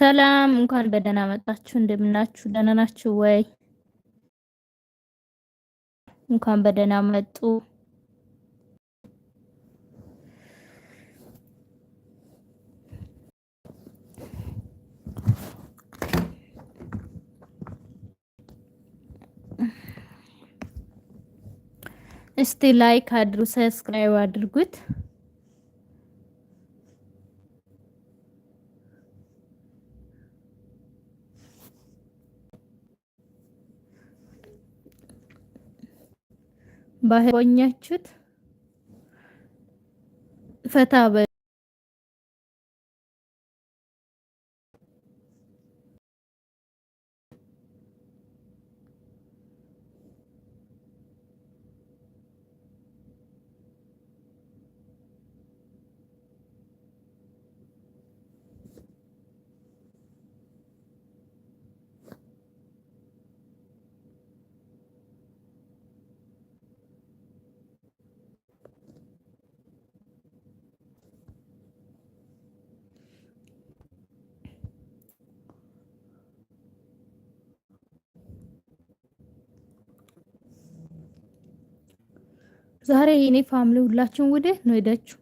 ሰላም እንኳን በደህና መጣችሁ። እንደምናችሁ ደህና ናችሁ ወይ? እንኳን በደህና መጡ። እስቲ ላይክ አድሩ፣ ሰብስክራይብ አድርጉት። ባሆኛችሁት ፈታ ዛሬ የኔ ፋሚሊ ሁላችሁም ወደ ነው ሄዳችሁ?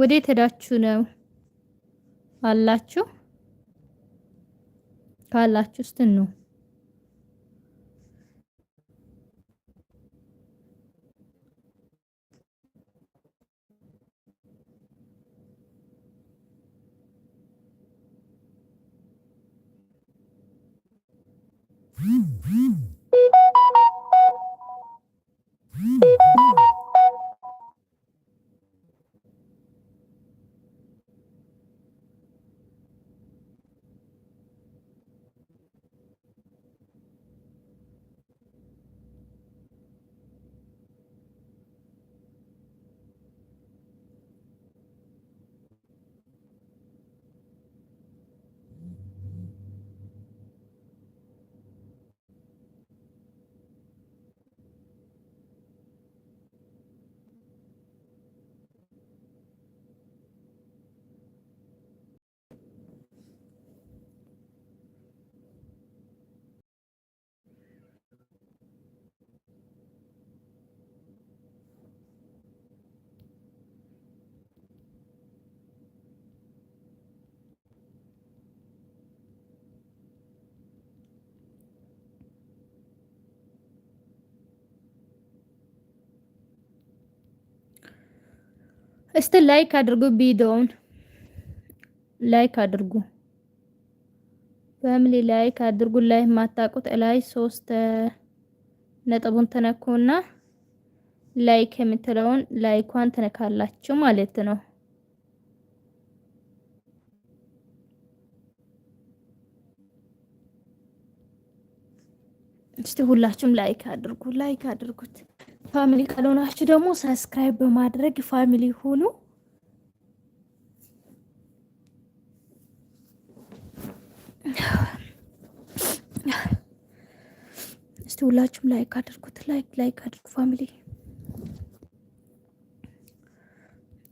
ወዴት ሄዳችሁ ነው አላችሁ? ካላችሁ እስቲ ኑ እስቲ ላይክ አድርጉ፣ ቪዲዮውን ላይክ አድርጉ። ፋሚሊ ላይክ አድርጉ። ላይ ማታቁት ላይ ሶስት ነጥቡን ተነኩና ላይክ የምትለውን ላይኳን ትነካላችሁ ማለት ነው። እስቲ ሁላችሁም ላይክ አድርጉ፣ ላይክ አድርጉት። ፋሚሊ ካልሆናችሁ ደግሞ ሰብስክራይብ በማድረግ ፋሚሊ ሁኑ። እስቲ ሁላችሁም ላይክ አድርጉት። ላይክ ላይክ አድርጉ ፋሚሊ።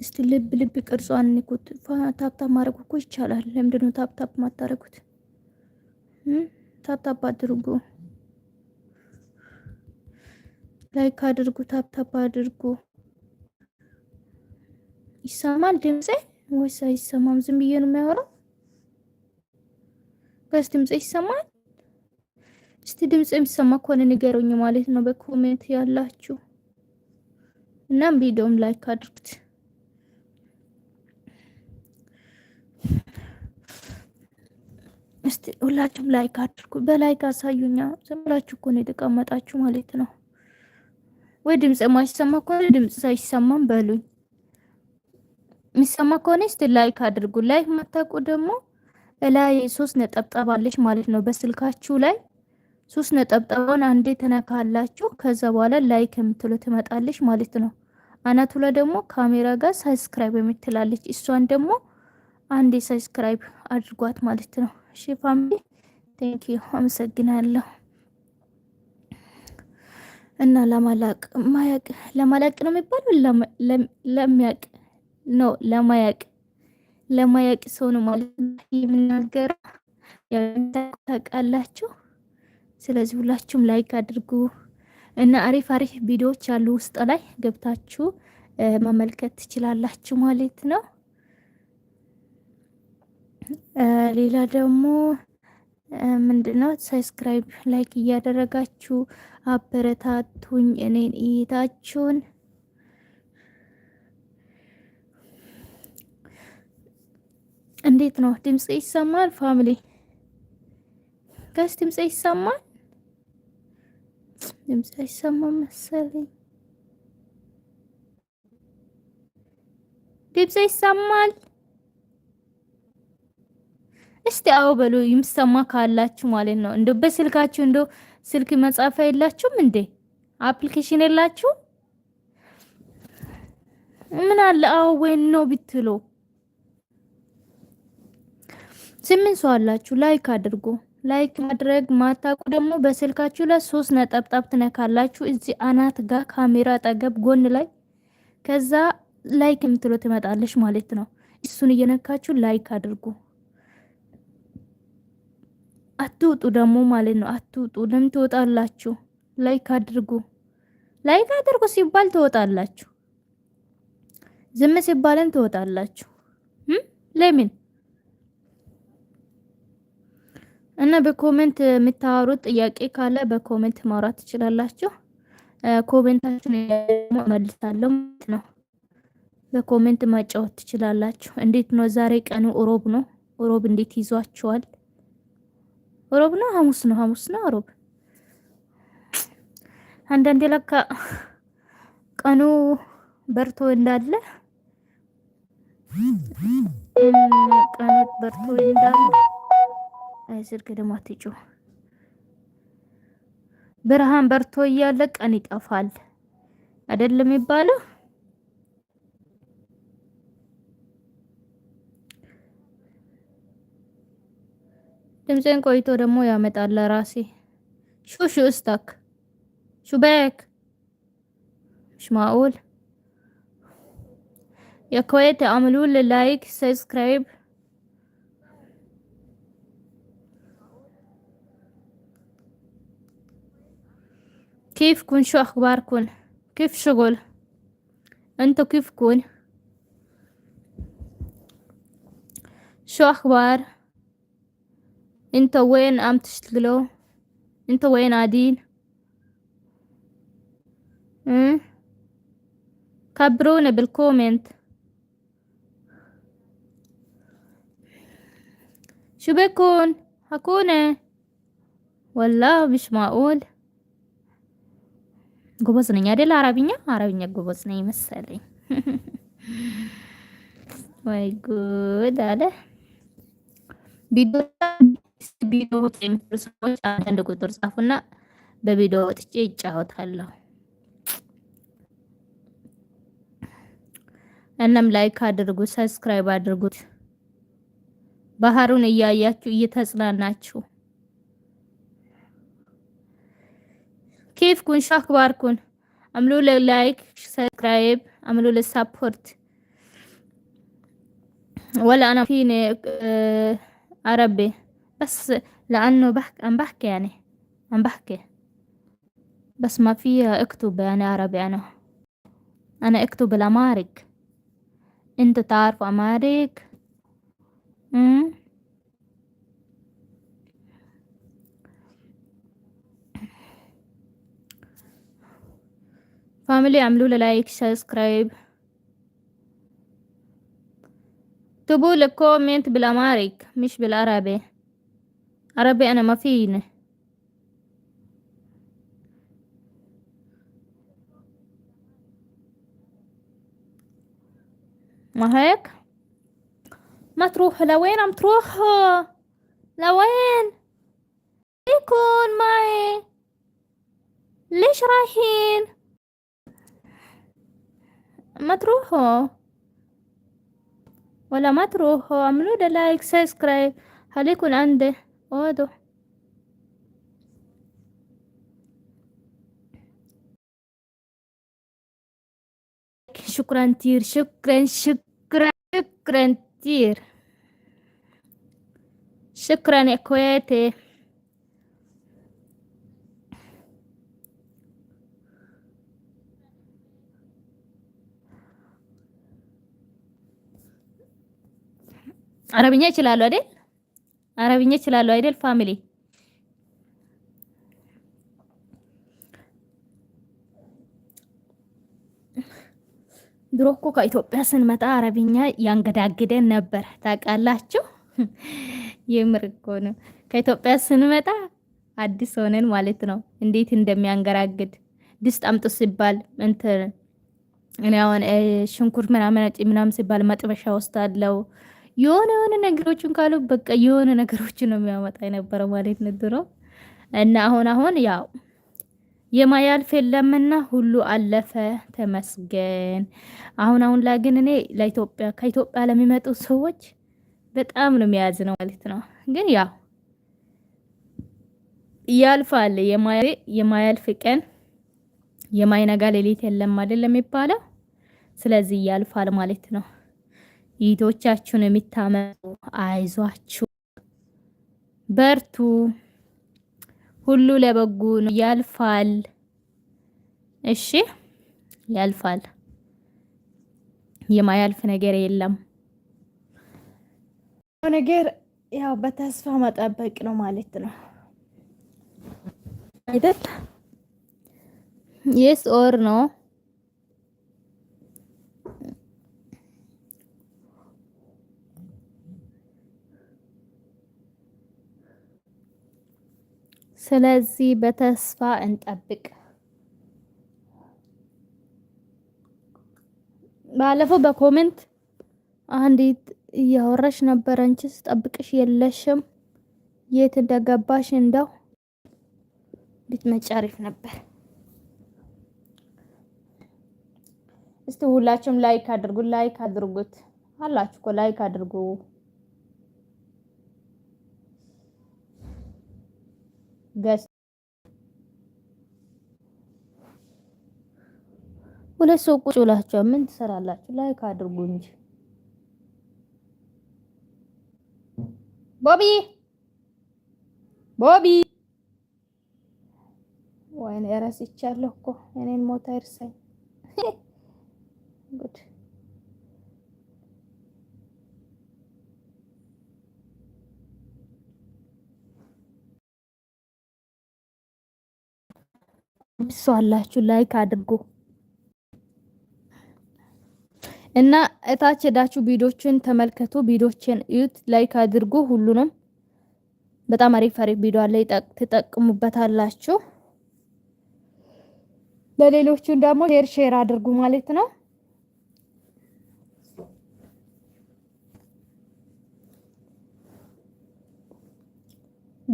እስቲ ልብ ልብ ቅርጹ አንኩት። ታፕታፕ ማድረጉ እኮ ይቻላል። ለምንድነው ታፕታፕ ማታደርጉት? ታፕታፕ አድርጉ። ላይክ አድርጉ፣ ታፕታፕ አድርጉ። ይሰማል ድምጼ ወይስ አይሰማም? ዝም ብዬ ነው የሚያወራው። ጋስ ድምጼ ይሰማል? እስቲ ድምጽ የሚሰማ ከሆነ ንገሩኝ ማለት ነው በኮሜንት ያላችሁ። እናም ቪዲዮም ላይክ አድርጉት። እስቲ ሁላችሁም ላይክ አድርጉ። በላይክ አሳዩኛ። ዝም ብላችሁ እኮ ነው የተቀመጣችሁ ማለት ነው። ወይ ድምፅ የማይሰማ ከሆነ ድምፅ ሳይሰማም በሉኝ። የሚሰማ ከሆነ እስቲ ላይክ አድርጉ። ላይክ ማታውቁ ደግሞ ላይ ሶስት ነጠብጣብ ማለት ነው በስልካችሁ ላይ ሶስት ነጠብጣቡን አንዴ ተነካላችሁ። ከዛ በኋላ ላይክ የምትሉ ትመጣለች ማለት ነው። አናቱ ላይ ደግሞ ካሜራ ጋር ሳብስክራይብ የምትላለች እሷን ደግሞ አንዴ ሳብስክራይብ አድርጓት ማለት ነው። እሺ ፋሚሊ ዩ አመሰግናለሁ። እና ለማላቅ ማያቅ ለማላቅ ነው የሚባለው ለሚያቅ ነው ለማያቅ ለማያቅ ሰው ነው ማለት የምናገረው። ታውቃላችሁ። ስለዚህ ሁላችሁም ላይክ አድርጉ እና አሪፍ አሪፍ ቪዲዮዎች አሉ ውስጥ ላይ ገብታችሁ መመልከት ትችላላችሁ ማለት ነው። ሌላ ደግሞ ምንድነው ሰብስክራይብ ላይክ እያደረጋችሁ አበረታቱኝ እኔን እይታችሁን እንዴት ነው ድምጽ ይሰማል? ፋሚሊ ጋስ ድምጽ ይሰማል? ድምጽ አይሰማም መሰለኝ። ድምጽ ይሰማል? እስቲ አዎ በሉ የሚሰማ ካላችሁ ማለት ነው። እንደ በስልካችሁ እንደ ስልክ መጻፊያ የላችሁም እንዴ? አፕሊኬሽን የላችሁ? ምን አለ አዎ ወይ ነው ብትሉ። ስምንት ሰው አላችሁ፣ ላይክ አድርጉ። ላይክ ማድረግ ማታቁ ደግሞ በስልካችሁ ላይ ሶስት ነጠብጣብ ትነካላችሁ። እዚህ አናት ጋር ካሜራ አጠገብ ጎን ላይ ከዛ ላይክ የምትሎ ትመጣለች ማለት ነው። እሱን እየነካችሁ ላይክ አድርጉ። አትውጡ ደግሞ ማለት ነው። አትውጡ ለምን ትወጣላችሁ? ላይክ አድርጉ። ላይክ አድርጉ ሲባል ትወጣላችሁ፣ ዝም ሲባልን ትወጣላችሁ። ለምን እና በኮሜንት የምታወሩት ጥያቄ ካለ በኮሜንት ማውራት ትችላላችሁ። ኮሜንታችሁን እመልሳለሁ ማለት ነው። በኮሜንት ማጫወት ትችላላችሁ። እንዴት ነው ዛሬ ቀኑ? ሮብ ነው። ሮብ እንዴት ይዟችኋል? ሮብ ነው ሐሙስ ነው ሐሙስ ነው ሮብ። አንዳንዴ ለካ ቀኑ በርቶ እንዳለ ቀኑ በርቶ እንዳለ አይ ስልክ ደግሞ አትጩ። ብርሃን በርቶ እያለ ቀን ይጠፋል አይደለም የሚባለው። كويتو ድምፄን ቆይቶ ደግሞ ያመጣል شو ሹሹ እስታክ ሹባክ مش معقول يا كويت اعملوا لي لايك سبسكرايب كيفكن شو اخباركن كيف شغل انتو كيفكن شو اخبار انت وين قام تشتغلو انت وين قاعدين اه؟ كبرونا بالكومنت شو بكون هكون والله مش معقول قبضني يا دي العربية عربية قبضني مسالي واي جود على بدون ቪዲዮ ውስጥ የሚሰሩ ሰዎች አንዳንድ ቁጥር ጻፉና በቪዲዮ ወጥቼ ይጫወታለሁ። እናም ላይክ አድርጉት፣ ሰብስክራይብ አድርጉት። ባህሩን እያያችሁ እየተጽናናችሁ ኬፍ ኩን ሻክባር ኩን አምሉ ለላይክ ሰብስክራይብ አምሉ ለሳፖርት ወላ አና ፊ አረቤ بس لأنه بحك عم بحكي يعني عم بحكي بس ما في أكتب يعني عربي أنا أنا أكتب الأمارك أنت تعرفوا أمارك أمم فاميلي عملوا له لايك سبسكرايب اكتبوا لي كومنت بالاماريك مش بالعربي عربي أنا ما فيني ما هيك ما تروحوا لوين عم تروحوا لوين يكون معي ليش رايحين ما تروحوا ولا ما تروحوا اعملوا لايك سبسكرايب خليكم عندي واضح شكرا تير شكرا شكرا شكرا تير شكرا يا كويتي عربية شلالو عليك አረብኛ እችላለሁ አይደል ፋሚሊ? ድሮ እኮ ከኢትዮጵያ ስንመጣ አረብኛ ያንገዳግደን ነበር ታውቃላችሁ። የምር እኮ ነው። ከኢትዮጵያ ስንመጣ አዲስ ሆነን ማለት ነው እንዴት እንደሚያንገራግድ ድስት አምጡ ሲባል እንትን እኔ አሁን ሽንኩርት ምናምን ምናምን ሲባል መጥበሻ ውስጥ አለው የሆነ የሆነ ነገሮችን ካሉ በቃ የሆነ ነገሮችን ነው የሚያመጣ የነበረው ማለት ነው ድሮ እና አሁን አሁን ያው የማያልፍ የለምና ሁሉ አለፈ ተመስገን። አሁን አሁን ላይ ግን እኔ ለኢትዮጵያ ከኢትዮጵያ ለሚመጡ ሰዎች በጣም ነው የሚያዝ ነው ማለት ነው። ግን ያው ያልፋል። የማያልፍ ቀን የማይነጋ ሌሊት የለም አይደል የሚባለው። ስለዚህ ያልፋል ማለት ነው። ይዶቻችሁን የምታመጡ አይዟችሁ፣ በርቱ። ሁሉ ለበጎ ነው። ያልፋል። እሺ ያልፋል። የማያልፍ ነገር የለም። ነገር ያው በተስፋ መጠበቅ ነው ማለት ነው አይደል? የስ ኦር ነው ስለዚህ በተስፋ እንጠብቅ። ባለፈው በኮሜንት አንዲት እያወራሽ ነበር። አንቺ ጠብቅሽ የለሽም የት እንደገባሽ እንደው ብትመጪ አሪፍ ነበር። እስቲ ሁላችሁም ላይክ አድርጉ፣ ላይክ አድርጉት አላችሁ እኮ ላይክ አድርጉ። ሁለት ሰው ቁጭ ብላችሁ ምን ትሰራላችሁ? ላይክ አድርጉ እንጂ ቦቢ ቦቢ ወይኔ እረስቻለሁ እኮ እኔን ሞታ ይርሳኝ። ብሶ ላይክ አድርጉ እና እታች ሄዳችሁ ቪዲዮችን ተመልከቱ። ቪዲዮችን እዩት፣ ላይክ አድርጉ። ሁሉንም በጣም አሪፍ አሪፍ ቪዲዮ አለ፣ ትጠቅሙበታላችሁ። ለሌሎቹን ደግሞ ሼር ሼር አድርጉ ማለት ነው።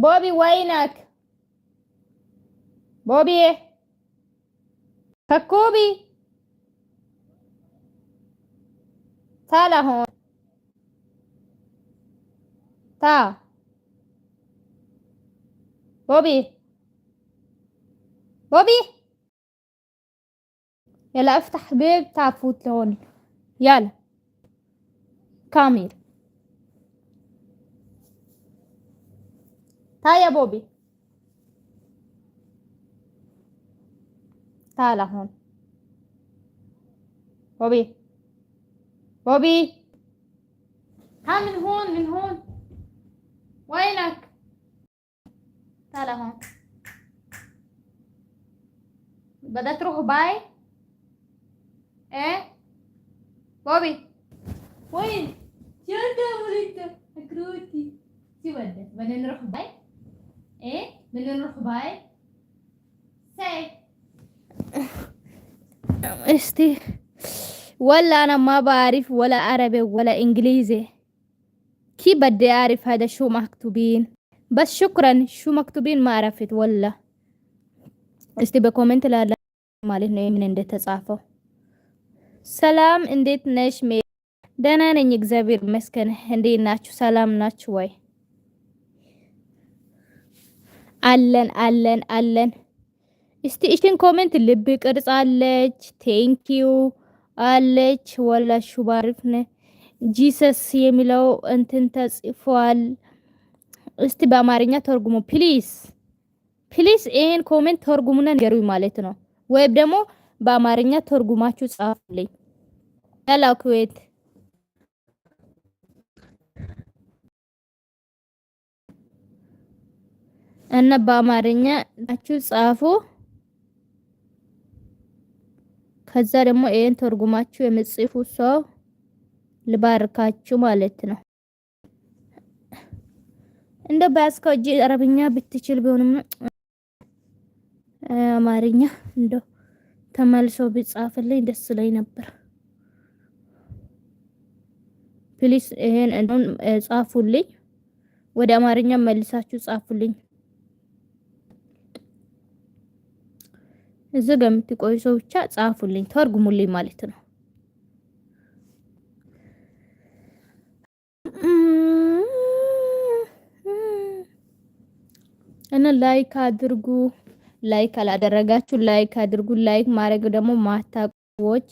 ቦቢ ወይነክ ቦቢዬ فكوبي تا لهون تا بوبي بوبي يلا افتح الباب تا فوت لهون يلا كامل تا يا بوبي هون بوبي بوبي ها من هون من هون وينك تعال هون بدأت تروح باي ايه بوبي وين شو انت انت مكروتي شو بدك بدنا نروح باي ايه بدنا نروح باي سيف እስቲ ወላ አናማ ባሪፍ ወላ አረቤ ወላ እንግሊዜ ኪ በደ አሪፍ ሀደ ሹ ማክቱቢን በስ ሹክረን ሹ ማክቱቢን ማረፊት ወላ እስቲ በኮሜንት ላለ ማለት ነው ምን እንደተጻፈው። ሰላም እንዴት ነሽ? ሜ ደህና ነኝ እግዚአብሔር ይመስገን። እንዴት ናችሁ? ሰላም ናችሁ ወይ? አለን አለን አለን እስቲ እሽን ኮሜንት ልብ ቅርጽ አለች፣ ቴንኪዩ አለች፣ ወላሹ ባርክነ ጂሰስ የሚለው እንትን ተጽፏል። እስቲ በአማርኛ ተርጉሙ ፕሊስ ፕሊስ። ይሄን ኮሜንት ተርጉሙና ንገሩኝ ማለት ነው። ወይም ደግሞ በአማርኛ ተርጉማችሁ ጻፉልኝ። ያላው ኩዌት እና በአማርኛ ጻፉ። ከዛ ደግሞ ይሄን ተርጉማችሁ የምጽፉ ሰው ልባርካችሁ ማለት ነው። እንደ ባስከው እጅ አረብኛ ብትችል ቢሆንም አማርኛ እንደ ተመልሶ ቢጻፍልኝ ደስ ላይ ነበር። ፕሊስ ይሄን ጻፉልኝ፣ ወደ አማርኛ መልሳችሁ ጻፉልኝ። እዚህ በምትቆዩ ሰው ብቻ ጻፉልኝ፣ ተርጉሙልኝ ማለት ነው። እና ላይክ አድርጉ። ላይክ አላደረጋችሁ ላይክ አድርጉ። ላይክ ማድረግ ደግሞ ማታቆች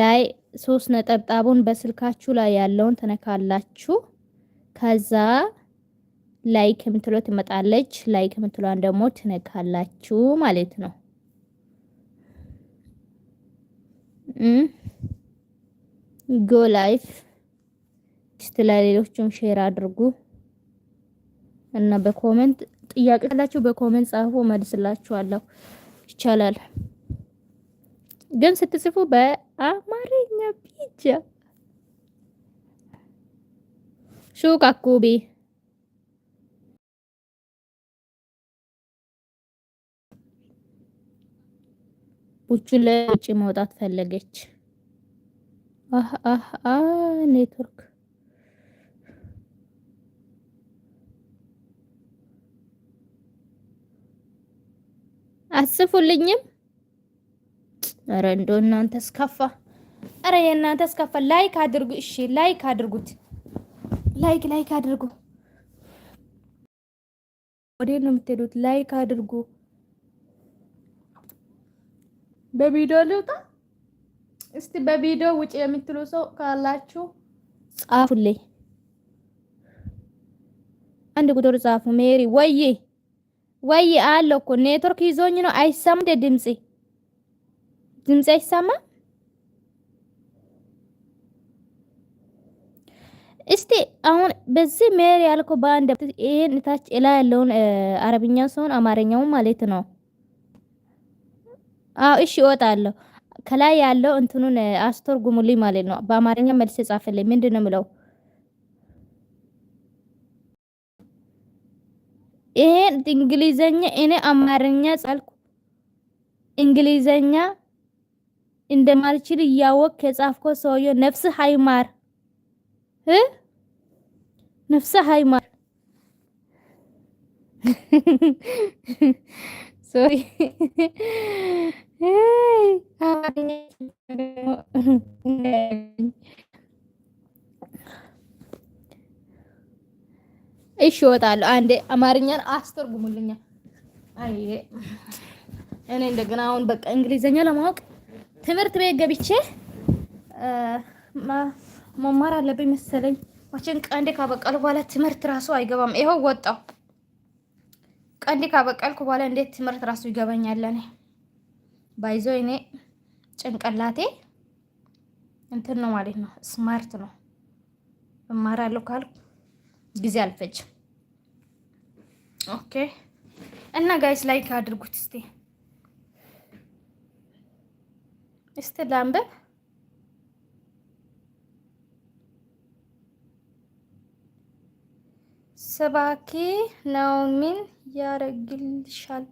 ላይ ሶስት ነጠብጣቡን በስልካችሁ ላይ ያለውን ተነካላችሁ። ከዛ ላይክ የምትለው ትመጣለች። ላይክ የምትሏን ደግሞ ትነካላችሁ ማለት ነው። ጎ ላይፍ ለሌሎችም ሼር አድርጉ እና በኮመንት ጥያቄ ካላችሁ በኮመንት ጻፉ፣ መልስላችኋለሁ። ይቻላል ግን ስትጽፉ በአማርኛ ብቻ ሹክ ውጭን ለውጭ መውጣት ፈለገች። አህ አህ አህ ኔትወርክ አስፉልኝም። አረ እንደው እናንተ ስካፋ፣ አረ የእናንተ ስካፋ። ላይክ አድርጉ፣ እሺ ላይክ አድርጉት፣ ላይክ ላይክ አድርጉ። ወዴት ነው የምትሄዱት? ላይክ አድርጉ። በቪዲዮ ልውጣ። እስቲ በቪዲዮ ውጭ የምትሉ ሰው ካላችሁ ጻፉልኝ። አንድ ቁጥር ጻፉ። ሜሪ ወይ ወይ አለ እኮ ኔትወርክ ይዞኝ ነው። አይሰማም እንደ ድምጽ ድምጽ አይሰማም። እስቲ አሁን በዚህ ሜሪ ያልኩ በአንድ ይሄን ታች ላይ ያለውን አረብኛ ሰውን አማርኛውን ማለት ነው አዎ እሺ እወጣለሁ። ከላይ ያለው እንትኑን አስቶር አስተርጉሙልኝ ማለት ነው። በአማርኛ መልስ ጻፈልኝ። ምንድን ነው የምለው? ይሄ እንግሊዘኛ እኔ አማርኛ ጻልኩ። እንግሊዘኛ እንደማልችል እያወቅ የጻፍኮ ሰውየ ነፍስ ሃይማር እ ነፍስ ሃይማር ሶሪ እሺ እወጣለሁ። አንዴ አማርኛን አስተርጉሙልኛል። አይ እኔ እንደገና አሁን በቃ እንግሊዘኛ ለማወቅ ትምህርት ቤት ገብቼ መማር አለብኝ መሰለኝ። መቼም ቀንዴ ካበቀልኩ በኋላ ትምህርት ራሱ አይገባም። ይኸው ወጣው ቀንዴ ካበቀልኩ በኋላ እንዴት ትምህርት ራሱ ይገባኛል እኔ ባይዞ እኔ ጭንቅላቴ እንትን ነው ማለት ነው፣ ስማርት ነው። እማራለሁ ካልኩ ጊዜ አልፈጅም። ኦኬ እና ጋይስ ላይክ አድርጉት እስቲ እስቲ ላንብብ። ሰባኪ ነው ምን ያረግልሻል?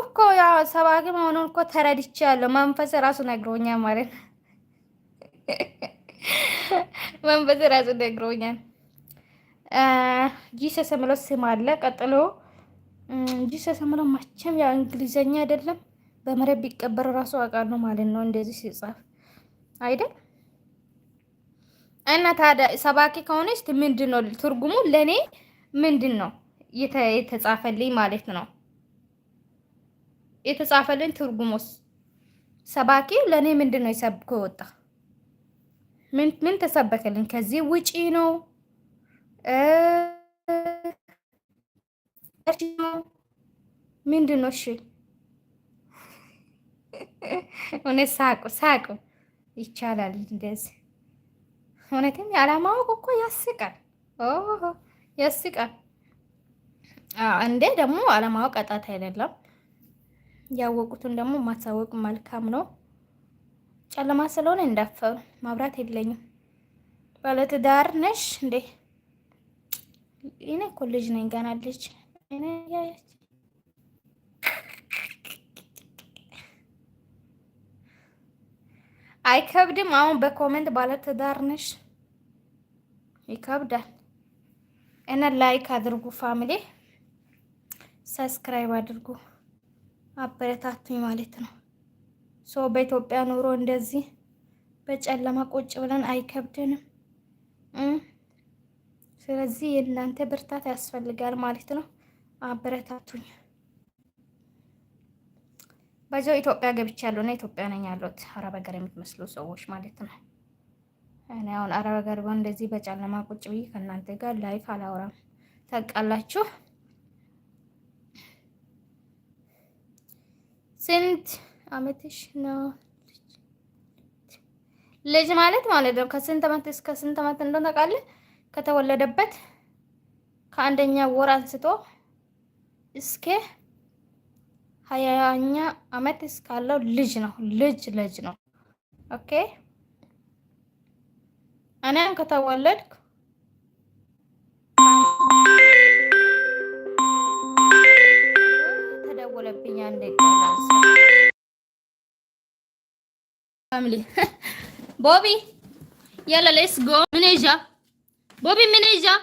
እኮ ያው ሰባቂ መሆኑን እኮ ተረድቻለሁ። መንፈስ ራሱ ነግሮኛል ማለት ነው። መንፈስ ራሱ ነግሮኛል። ጂሰስ የምለው ስም አለ። ቀጥሎ ጂሰስ የምለው መቼም ያው እንግሊዘኛ አይደለም። በመረብ ቢቀበር ራሱ አውቃለሁ ማለት ነው። እንደዚህ ሲጻፍ አይደል? እና ታዲያ ሰባኪ ከሆነች ምንድን ነው ትርጉሙ? ለእኔ ምንድን ነው የተጻፈልኝ ማለት ነው? የተጻፈልን ትርጉሙስ ሰባኪ ለእኔ ምንድን ነው የሰብኮ የወጣ ምን ተሰበከልን? ከዚህ ውጪ ነው ምንድን ነው? እሺ እውነት ሳቁ ሳቁ ይቻላል እንደዚህ እውነትም ያለማወቅ እኮ ያስቃል፣ ያስቃል እንዴ! ደግሞ አለማወቅ አጣት አይደለም። ያወቁትን ደግሞ ማሳወቅ መልካም ነው። ጨለማ ስለሆነ እንዳፈሩ ማብራት የለኝም። ባለትዳር ነሽ እንዴ? እኔ እኮ ልጅ ነኝ፣ ገና ልጅ። አይከብድም? አሁን በኮመንት ባለትዳር ነሽ ይከብዳል። እና ላይክ አድርጉ ፋሚሊ፣ ሰብስክራይብ አድርጉ። አበረታቱኝ ማለት ነው። ሶ በኢትዮጵያ ኑሮ እንደዚህ በጨለማ ቁጭ ብለን አይከብድንም። ስለዚህ የእናንተ ብርታት ያስፈልጋል ማለት ነው። አበረታቱኝ። በዚያው ኢትዮጵያ ገብቻለሁ እና ኢትዮጵያ ነኝ ያለሁት አረብ ሀገር የምትመስሉ ሰዎች ማለት ነው። እኔ አሁን አረብ ሀገር እንደዚህ በጨለማ ቁጭ ብዬ ከእናንተ ጋር ላይፍ አላወራም። ታውቃላችሁ ስንት አመትሽ ነው? ልጅ ማለት ማለት ነው ከስንት አመት እስከ ስንት አመት እንደሆነ ታውቃለህ? ከተወለደበት ከአንደኛ ወር አንስቶ እስከ ሀያኛ አመት እስካለው ልጅ ነው። ልጅ ልጅ ነው። ኦኬ እኔም ከተወለድኩ ተደወለብኝ አንዴ فاميلي بوبي يلا ليتس جو من اجا بوبي من اجا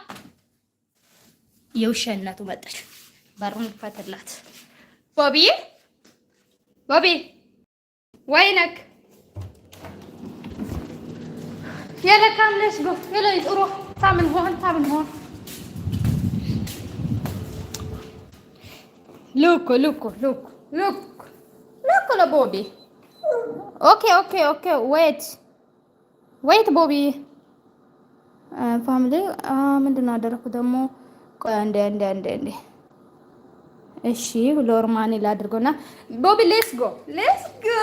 يوشنا እናቱ መጣች። በሩን ፈትላት። بوبي ቦቢ ወይ يلا كام ليتس جو يلا يروح ታምን ሆን ታምን ሆን لوكو لوكو لوكو لوكو ሉኩ ለቦቢ ኦኬ ኦኬ ኦኬ ወይት ወይት ቦቢ ፋሚሊ ምንድን ነው አደረኩት ደግሞ? እንደ እንደ እንደ እንደ እሺ ሎርማኒ ላድርጎና ቦቢ ሌትስ ጎ ሌትስ ጎ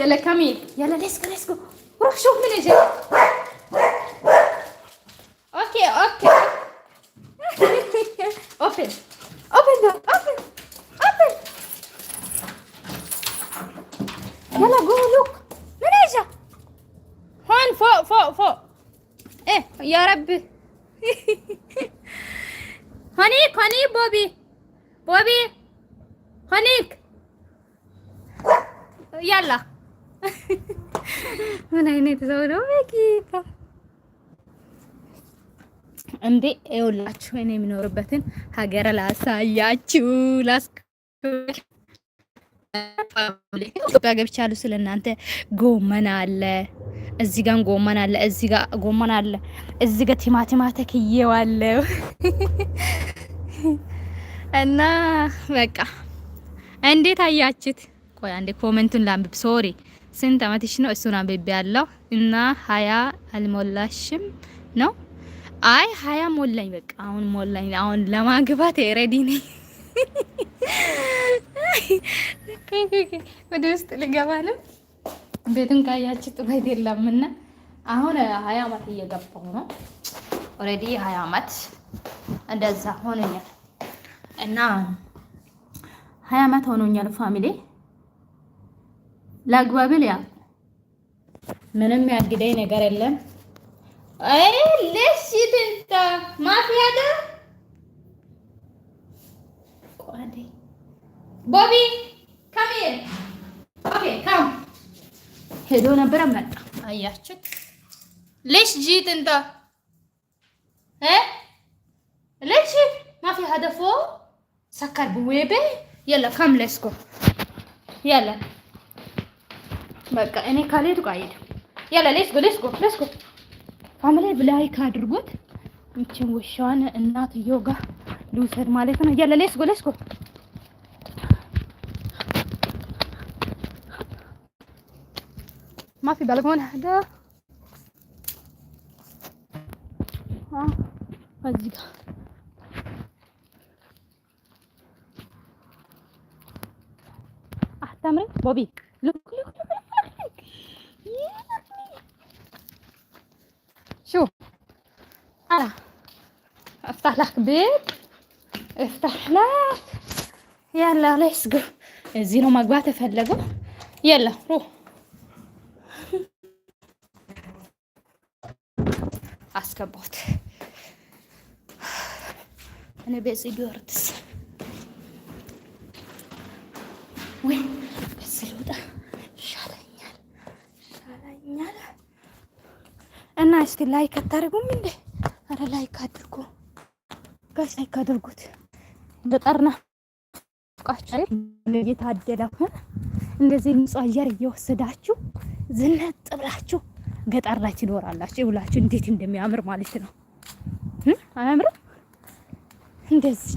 ያለ ካሚል ያለ ሌትስ ጎ ሌትስ ጎ ሩክ ምን ይዤ ኦኬ ኦኬ ኦፕን ረብ ሆኒክ ሆኒ ቦቢ ቦቢ ሆኒክ ያላ ምን አይነት ሰው ነው በጌታ እንዴ! ይኸውላችሁ እኔ የምኖርበትን ሀገር ላሳያችሁ ላስ ኢትዮጵያ ገብቻለሁ ስለ እናንተ ጎመን አለ፣ እዚህ ጋር ጎመን አለ፣ እዚህ ጋር ጎመን አለ፣ እዚህ ጋር ቲማቲማ ተክዬዋለሁ እና በቃ እንዴት አያችት? ቆይ አንዴ ኮመንቱን ላንብብ። ሶሪ ስንት አመትሽ ነው? እሱን አንብቤ ያለው እና ሀያ አልሞላሽም ነው። አይ ሀያ ሞላኝ። በቃ አሁን ሞላኝ። አሁን ለማግባት ሬዲ ነኝ ወደ ውስጥ ልገባ ነው። ቤቱን ካያችሁ ጥበት የለም አሁን ሀያ አመት እየገባሁ ነው። ኦልሬዲ ሀያ አመት እንደዛ ሆኖኛል እና ሀያ አመት ሆኖኛል። ፋሚሊ ለአግባብል ያ ምንም ያግደኝ ነገር የለም። ልሽ ትንታ ማፊያደ ቋዴ ቦቢ ከሚል ሄዶ ነበረ መጣ። አያችሁት? ሌሽ ጂት እንታ ሌሽ ማፊ ሀደፎ ሰከር ብዌቤ የለ ከም ለስኮ የለ በቃ እኔ ካልሄድኩ አይሄድም። የለ ሌስጎ ሌስጎ ሌስጎ ፋምሌ ብላይ ካድርጉት ይችን ውሻዋን እናትየው ጋር ልውሰድ ማለት ነው። የለ ሌስጎ ሌስጎ ما في بلكونه هذا ها مزيكا احتمري بوبي لوك لوك لوك لوك شوف انا افتح لك بيت افتح لك يلا ليتس جو الزيرو مجبات فلقوا يلا روح አስገባት። እኔ በዚህ ቢወርድስ ወይ በዚህ ልውጣ ይሻለኛል፣ ይሻለኛል። እና እስቲ ላይክ አታደርጉም እንዴ? አረ ላይክ አድርጉ ጋሽ፣ ላይክ አድርጉት። እንደጠርና ፍቃችሁ የታደላችሁ እንደዚህ ንጹህ አየር እየወሰዳችሁ ዝነጥ ብላችሁ ገጠር ላይ ትኖራላችሁ ብላችሁ እንዴት እንደሚያምር ማለት ነው። አያምርም እንደዚህ